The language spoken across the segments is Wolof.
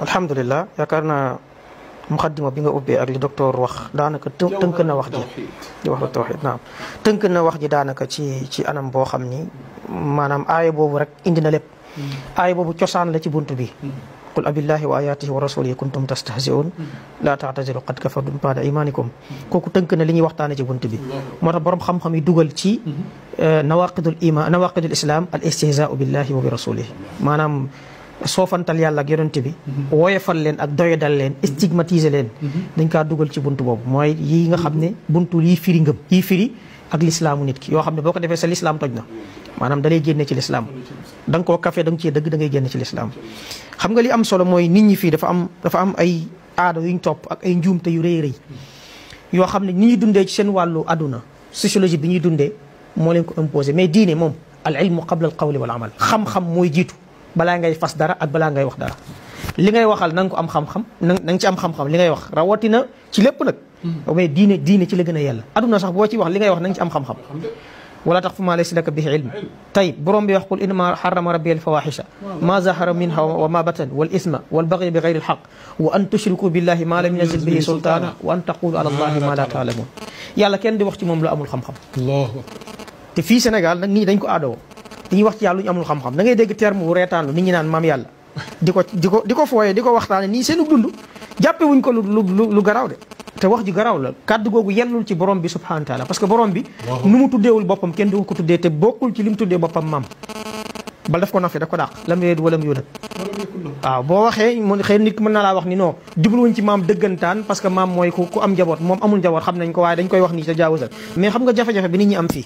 alhamdulilah yaakaar naa muqaddima bi nga ubbee ak li docteur wax daanaka tënk na wax ji wax tawxid naam tënk na wax ji daanaka ci ci anam boo xam ni maanaam aaya boobu rek indi na lépp hmm. aaya boobu cosaan la ci bunt bi hmm. qul abillahi wa ayatihi wa rasulihi kuntum tastahzi'un hmm. la ta'taziru qad kafartum ba'da imanikum koku tënk na li ñuy waxtaane ci bunt bi moo tax borom xam-xam yi dugal ci eh, nawaqidul iman nawaqidul islam al istihza'u billahi wa bi rasulihi soofantal yàlla ak yonente bi woyefal leen ak doyadal leen stigmatiser leen dañ kaa dugal ci buntu boobu mooy yi nga xam ne buntu yi firi ngëm yi firi ak lislaamu nit ki yoo xam ne boo ko defee sa lislaam toj na maanaam da lay génne ci lislaam da nga koo café da nga cee dëgg da ngay génne ci lislaam xam nga li am solo mooy nit ñi fii dafa am ay aada yuñ topp ak ay njuumte yu rëy rëy yoo xam ne ni ñuy dundee ci seen wàllu àdduna sociologie bi ñuy dundee moo leen ko imposé mais diine moom al ilmu qabla al qawli balaa ngay fas dara ak balaa ngay wax dara li ngay waxal na nga ko am xam-xam na nga ci am xam-xam li ngay wax rawatina ci lépp nag. mais diine diine ci la gën a yàlla. aduna sax boo ci wax li ngay wax na nga ci am xam-xam. ولا تخف ما ليس لك به علم طيب بروم بيقول إنما حرم ربي الفواحش ما ظهر منها وما بطن والإثم والبغي بغير الحق وأن تشركوا بالله ما لم ينزل به سلطانا وأن تقولوا على الله ما لا تعلمون يلا كان دي وقت مملو أمو الخمخم الله te fii Sénégal nag nii dañ ko aadoo dañuy wax ci yàlla lu amul xam-xam da ngay dégg terme bu reetaanlu nit ñi naan maam yàlla di ko di ko ko fooyee di ko waxtaane ko lu lu wax ju garaaw la kàddu googu yellul ci borom bi subhanahu wa taala parce que borom bi mu tuddeewul boppam kenn du ko tuddee te bokkul ci li mu tuddee boppam maam ko nafe lam yeed wala mu yónat waaw boo waxee mu xëy nit mën na laa wax ni non jubluwuñ ci maam dëggantaan parce que maam mooy ku am njaboot moom amul njaboot xam nañ ko waaye dañ koy wax nii sa jaawusal mais xam nga jafe-jafe bi nit ñi am fii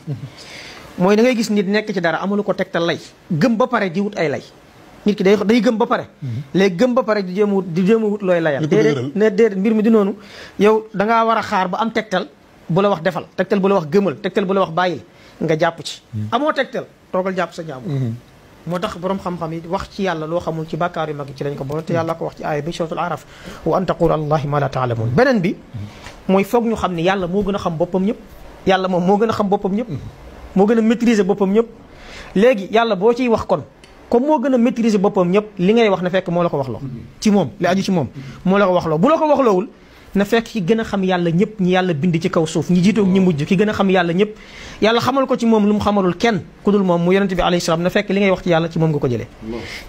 mooy da ngay gis nit nekk ci dara amulu ko tegtal lay gëm ba pare di wut ay lay nit ki day day gëm ba pare mhm. léegi gëm ba pare di jéem a wut di jéem a wut looy layal déedéet ne déedéet mbir mi di noonu yow dangaa war a xaar ba am tegtal bu la wax defal tegtal bu la wax gëmal tegtal bu la wax bàyyil nga jàpp ci mhm. amoo tegtal toogal jàpp sa jàmm mhm. moo tax borom xam-xam yi wax ci yàlla loo xamul ci bàkkaar yu mag ci lañ ko boole te yàlla ko wax ci aaya bi suratul araf wa an taqulu allahi ma la taalamun beneen bi mooy foog ñu xam ne yàlla moo gën a xam boppam ñëpp yàlla moom moo gën a xam boppam ñëpp moo gën a maîtriser boppam ñëpp léegi yàlla boo ciy wax kon comme moo gën a maîtriser boppam ñëpp li ngay wax na fekk moo la ko waxloo ci moom li aju ci moom moo la ko waxloo bu la ko waxloowul na fekk ki gën a xam yàlla ñëpp ñi yàlla bind ci kaw suuf ñi jiitoog ñi mujj ki gën a xam yàlla ñëpp yàlla xamal ko ci moom lu mu xamalul kenn ku dul moom mu yonente bi alayhi salaam na fekk li ngay wax ci yàlla ci moom nga ko jëlee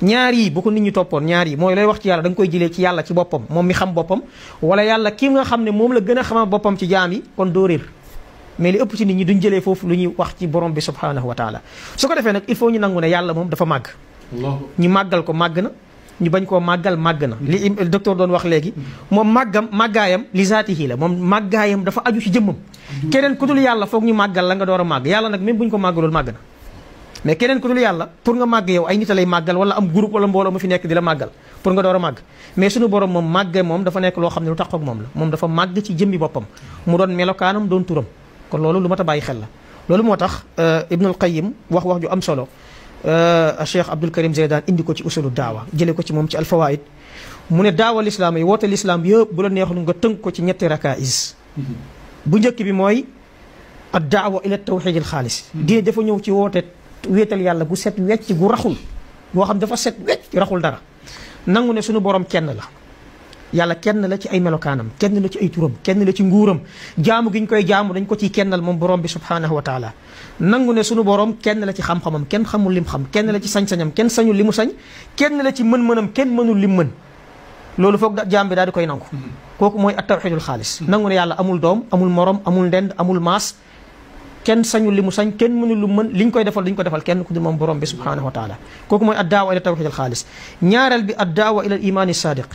ñaar yi bu ko nit ñi toppoon ñaar yi mooy looy wax ci yàlla da koy jëlee ci yàlla ci boppam moom mi xam boppam wala yàlla ki nga xam ne la gën a xamal ci jaam yi kon doo réer mais li ëpp ci nit ñi duñ jëlee foofu lu ñuy wax ci borom bi subhanahu wa taala su ko defee nag il faut ñu nangu ne yàlla moom dafa màgg ñu màggal ko màgg na ñu bañ koo màggal màgg na li docteur doon wax léegi moom màggam màggaayam li zaatihi la moom màggaayam dafa aju ci jëmmam keneen ku dul yàlla foog ñu màggal la nga door màgg yàlla nag même bu ko màggalul màgg na mais keneen ku dul yàlla pour nga màgg yow ay nit a lay màggal wala am groupe wala mbooloo mu fi nekk di la màggal pour nga door a màgg mais suñu borom moom màgge moom dafa nekk loo xam ne lu tax ak moom la moom dafa màgg ci jëmmi boppam mu doon melokaanam doon turam kon loolu lu mat a bàyyi xel la loolu moo tax Ibnul Qayyim wax wax ju am solo Cheikh Abdul Karim Zeydan indi ko ci usulu daawa jële ko ci moom ci alfawaid mu ne daawa lislaam yi woote lislaam yëpp bu la neexul nga tënk ko ci ñetti rakaïs bu njëkk bi mooy ad daawa ila tawxid al xaalis diine dafa ñëw ci woote wéetal yàlla gu set wecc gu raxul boo xam dafa set wecc raxul dara nangu ne suñu borom kenn la yàlla kenn la ci ay melokanam kenn la ci ay turam kenn la ci nguuram jaamu giñ koy jaamu dañ ko ci kennal mom borom bi subhanahu wa taala nangu ne sunu borom kenn la ci xam-xamam kenn xamul lim xam kenn la ci sañ-sañam kenn sañu limu sañ kenn la ci mën-mënam kenn mënul lim mën loolu fokk jaam bi daal di koy nangu koku moy at tawhidul khalis nangu ne yàlla amul dom amul morom amul ndend amul mas kenn sañul li mu sañ kenn mënul lu mën liñ koy defal duñ ko defal kenn ku dul moom borom bi subhaanahu wa taala kooku mooy ad daawa ila tawxidul xaalis ñaareel bi ad daawa ila al imaani saadiq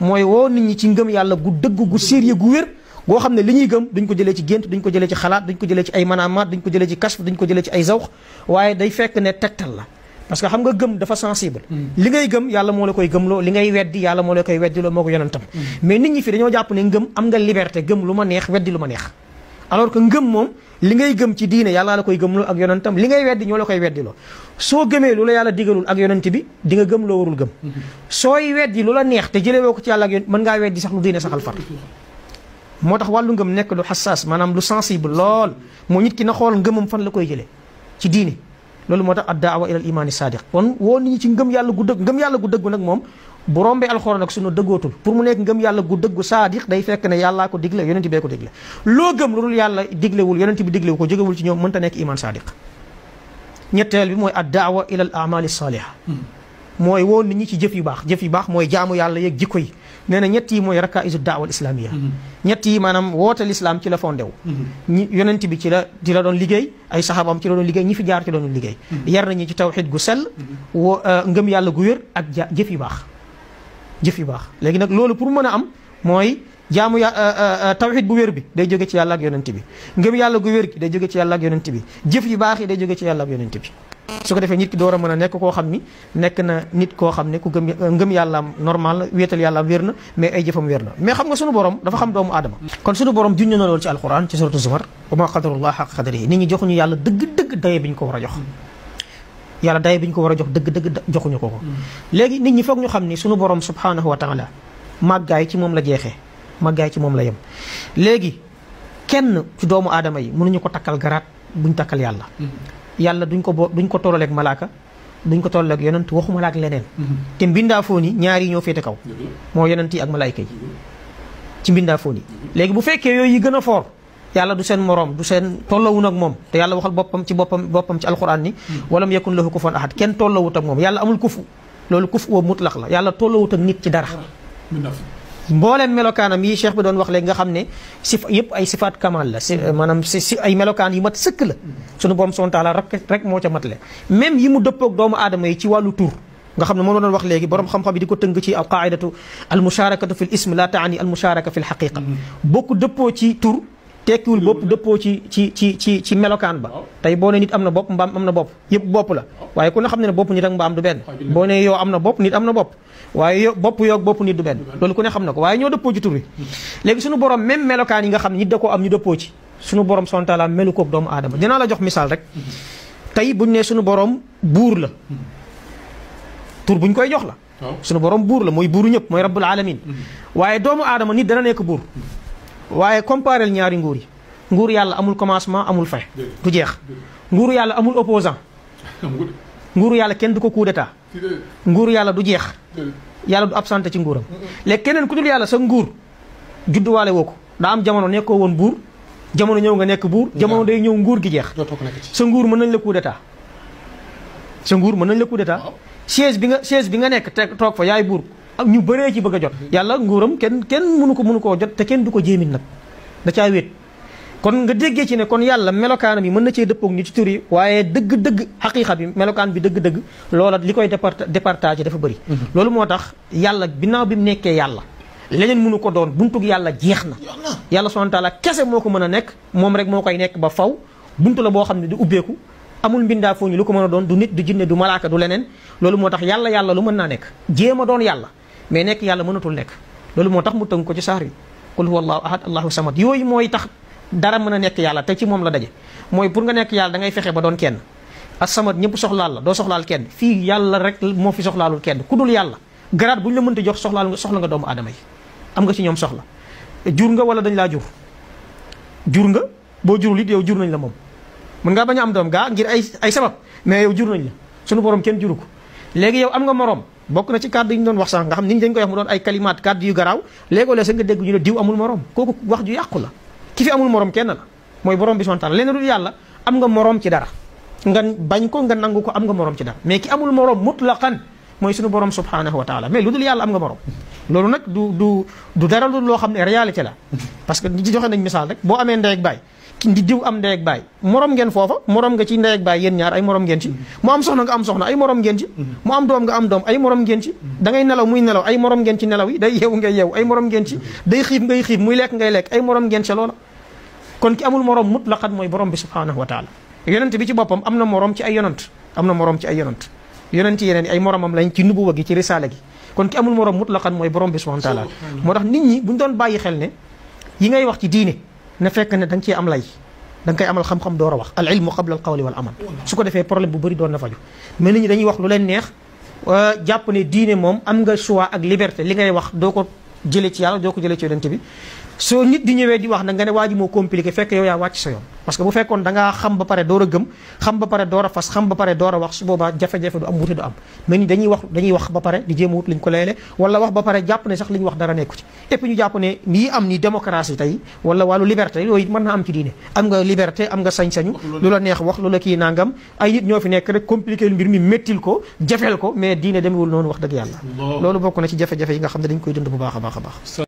mooy woo nit ñi ci ngëm yàlla gu dëgg gu sérieux gu wér goo xam ne li ñuy gëm duñ ko jëlee ci gént duñ ko jëlee ci xalaat duñ ko jëlee ci ay manaamaat duñ ko jëlee ci kasf duñ ko jëlee ci ay zawx waaye day fekk ne tegtal la parce que xam nga gëm dafa sensible hmm. li ngay gëm yàlla moo la koy gëmloo li ngay weddi yàlla moo la koy weddiloo moo ko yonentam hmm. mais nit ñi fi dañoo jàpp ne ngëm am nga liberté gëm lu ma neex weddi lu ma neex alors que ngëm moom li ngay gëm ci diine yàlla la koy gëmloo ak yonentam li ngay weddi ñoo la koy weddiloo soo gëmee lu la yàlla digalul ak yonent bi di nga gëm loo warul gëm sooy weddi lu la neex te jële woo ko ci yàlla ak yonent mën ngaa weddi sax lu diine saxal far moo tax wàllu ngëm nekk lu xassaas maanaam lu sensible lool moo nit ki na xool ngëmam fan la koy jëlee ci diine loolu moo tax addaawa ilal imaani saadiq kon woo nit ñi ci ngëm yàlla gu dëgg ngëm yàlla gu dëgg nag moom borombe rombee ak sunu deggotul pour mu nek ngëm yàlla gu dëggu sadiq day fekk ne yalla ko digle yonenti be ko digle lo gëm lul yalla digle wul yonenti bi digle ko jógewul ci ñoom mënta nek iman sadiq ñettel bi moy ad dawa ila al amali saliha mooy woo nit ñi ci jëf yu bax jëf yu bax moy jaamu yàlla yek jikko yi neena ñett yi moy raka'izud da'wa al islamiyya ñett yi manam wota l'islam ci la fondew yonenti bi ci la di la don liggey ay saxaabam ci la don liggey ñi fi jaar ci don liggey yar nañ ci tawhid gu sel woo ngëm yàlla gu wér ak jëf yu bax jëf yu baax léegi nag loolu pour mën a am mooy jaamu ya euh, euh, euh, tawxid bu wér bi day jóge ci yàlla ak bi ngëm yàlla gu wér gi day jóge ci yàlla ak bi jëf yu baax yi day ci yàlla ak bi su ko defee nit ki door a mën a nekk koo xam ni nekk na nit koo xam ne ku gëm ngëm yàllaam normal la wéetal yàllaam wér na mais ay jëfam wér na mais xam nga sunu borom dafa xam doomu aadama kon sunu borom junñu na loolu ci alquran ci suratu zumar wa ma qadarullah xaq qadarihi nit ñi joxuñu yàlla dëgg-dëgg daye ñu ko war a jox yàlla day biñ ko wara jox deug deug joxuñu ko ko legi nit ñi fokk ñu xamni suñu borom subhanahu wa taala màggaay ci mom la jexé màggaay ci mom la yem legi kenn ci doomu adama yi mënuñu ko takal garat buñ takal yàlla yàlla duñ ko duñ ko tollaleeg malaka duñ ko tollaleeg yonent waxuma lak leneen te mbinda foo ni ñaar yi ñoo fété kaw mo yonent yi ak malaika yi ci mbinda foo ni léegi bu fekke yoy yi gëna a yàlla du seen moroom du seen tollawun ak moom te yàlla waxal boppam ci boppam boppam ci alquran ni hmm. walam amul kufu loolu kufu wa mutlaq la yàlla tollawut ak nit ci dara mbooleem kaanam yi cheikh bi doon wax léegi nga xam ne si yëpp ay sifaat kamal la si hmm. maanaam si si ay yu mat sëkk la hmm. suñu borom subhanahu wa taala rek rek moo ca mat le même yi mu dëppoog doomu aadama yi ci wàllu tur nga xam ne moom la wax léegi borom xam-xam yi di ko tënk ci al qaidatu al musharakatu fi l la taani al musharaka fi l xaqiqa tekkiwul bop depo ci ci ci ci ci melokaan ba tay boo ne nit amna na bopp mbaam am na bopp yëpp bopp la waaye ku na xam ne nit ak mbaam du benn boo ne yow am na nit amna na bopp yo yow bopp yow bopp nit du benn loolu ku ne xam na ko waaye ñoo dëppoo ci tur bi mm-hmm. léegi suñu borom même melokaan yi nga xam ne nit da koo am ñu ci suñu borom son taala melu koog doomu aadama dinaa la jox misaal rek mm-hmm. tey buñ ne suñu borom buur la mm-hmm. tur buñ koy jox la suñu borom buur la mooy buuru ñëpp mooy rabbul alamin waaye doomu aadama nit dana nekk buur waaye comparel ñaari nguur yi nguur yàlla amul commencement amul fin du jeex nguur yàlla amul opposant nguur yàlla kenn du ko coup d'état nguur yàlla du jeex yàlla du absenté ci nguuram léegi keneen ku dul yàlla sa nguur judduwaale woo ko daa am jamono nekkoo woon buur jamono ñëw nga nekk buur jamono day ñëw nguur gi jeex sa nguur mën nañ la coup d'état sa nguur mën nañ la coup d'état siège bi nga siège bi nga nekk te toog fa yaay buur ñu bëree ci bëgg a jot yàlla nguuram kenn kenn mënu ko mënu koo jot te kenn du ko jéemit nag da caa wéet kon nga déggee ci ne kon yàlla melokaanam yi mën na cee dëppoog ni ci tur waaye dëgg-dëgg xaqiiqa bi melokaan bi dëgg-dëgg loola li koy départage dafa bëri mhm. loolu moo tax yàlla ginnaaw bi mu nekkee yàlla leneen mënu ko doon buntug yàlla jeex na yàlla subhaanahu wa taala kese moo ko mën a nekk moom rek moo koy nekk ba faw buntu la boo xam ne du ubbeeku amul mbindaa foo lu ko mën a doon du nit du jinne du malaaka du leneen loolu moo tax yàlla yàlla lu mën naa nekk jéem a doon yàlla mais nekk yàlla mënatul nekk loolu moo tax mu tënk ko ci saar yi qul huwa allahu ahad allahu samad yooyu mooy tax dara mën a nekk yàlla te ci moom la daje mooy pour nga nekk yàlla da ngay fexe ba doon kenn asamad ñëpp soxlaal la doo soxlaal kenn fii yàlla rek moo fi soxlaalul kenn ku dul yàlla garaat bu ñu la mënta jox soxlaal nga soxla nga doomu aadama yi am nga ci ñoom soxla jur nga wala dañ laa jur jur nga boo jurul it yow jur nañ la moom mën ngaa bañ a am doom gaa ngir ay ay sabab mais jur nañ la sunu borom kenn juru ko léegi yow am nga moroom bokk na ci kàddu yi ñu doon wax sax nga xam ni ñu dañ koy wax mu doon ay kalimaat kàddu yu garaaw léegoo lee sa nga dégg ñu ne diw amul moroom kooku wax ju yàqu la ki fi amul morom kenn la mooy borom bi sontaan leen dul am nga morom ci dara nga bañ ko nga nangu ko am nga morom ci dara mais ki amul morom mutlaqan mooy suñu borom subhanahu wa taala mais lu dul yàlla am nga morom loolu nag du du du dara lu loo xam ne réalité la parce que ñi ci joxe nañ misaal rek boo amee ndey ak baay di diw am ndey ak baay morom ngeen foofa morom nga ci ndey ak baay yéen ñaar ay morom ngeen ci mu am soxna nga am soxna ay morom ngeen ci mu am doom nga am doom ay morom ngeen ci da ngay nelaw muy nelaw ay morom ngeen ci nelaw day yeewu ngay yeewu ay morom ngeen ci ngay lekk ngay lekk ay morom ngeen ca loola kon ki amul morom mooy borom bi subhanahu wa taala yonent bi ci boppam am na morom ci ay yonent am na morom ci ay yonent yeneen ay moromam lañ ci nubuwa gi ci risaala gi kon ki amul morom mutlaqat mooy borom bi subhanahu wa taala moo tax nit ñi buñ doon bàyyi xel ne yi ngay wax ci diine na fekk ne da nga am lay da nga koy amal xam-xam door a wax al ilmu qabla al qawli wal amal su ko defee problème bu bëri doon na faju mais nit ñi dañuy wax lu leen neex euh, jàpp ne diine moom am nga choix ak liberté li ngay wax doo ko jëlee ci yàlla doo ko jëlee ci yonent bi soo nit di ñëwee di wax na nga ne waa ji moo compliqué fekk yow yaa wàcc sa yoon parce que bu fekkoon da xam ba pare door a gëm xam ba pare door a fas xam ba pare door a wax su boobaa jafe-jafe wax ba pare a wut liñ wax ba pare jàpp ne sax li ñu wax dara nekku ci et puis ñu jàpp ne yi am yooyu mën na am am nga liberté am nga sañ-sañu lu la neex wax lu la kii nangam ay nit ñoo fi nekk mi méttil ko jafeel ko mais diine yàlla loolu bokk na ci jafe-jafe xam ne dañ koy dund bu baax a baax a baax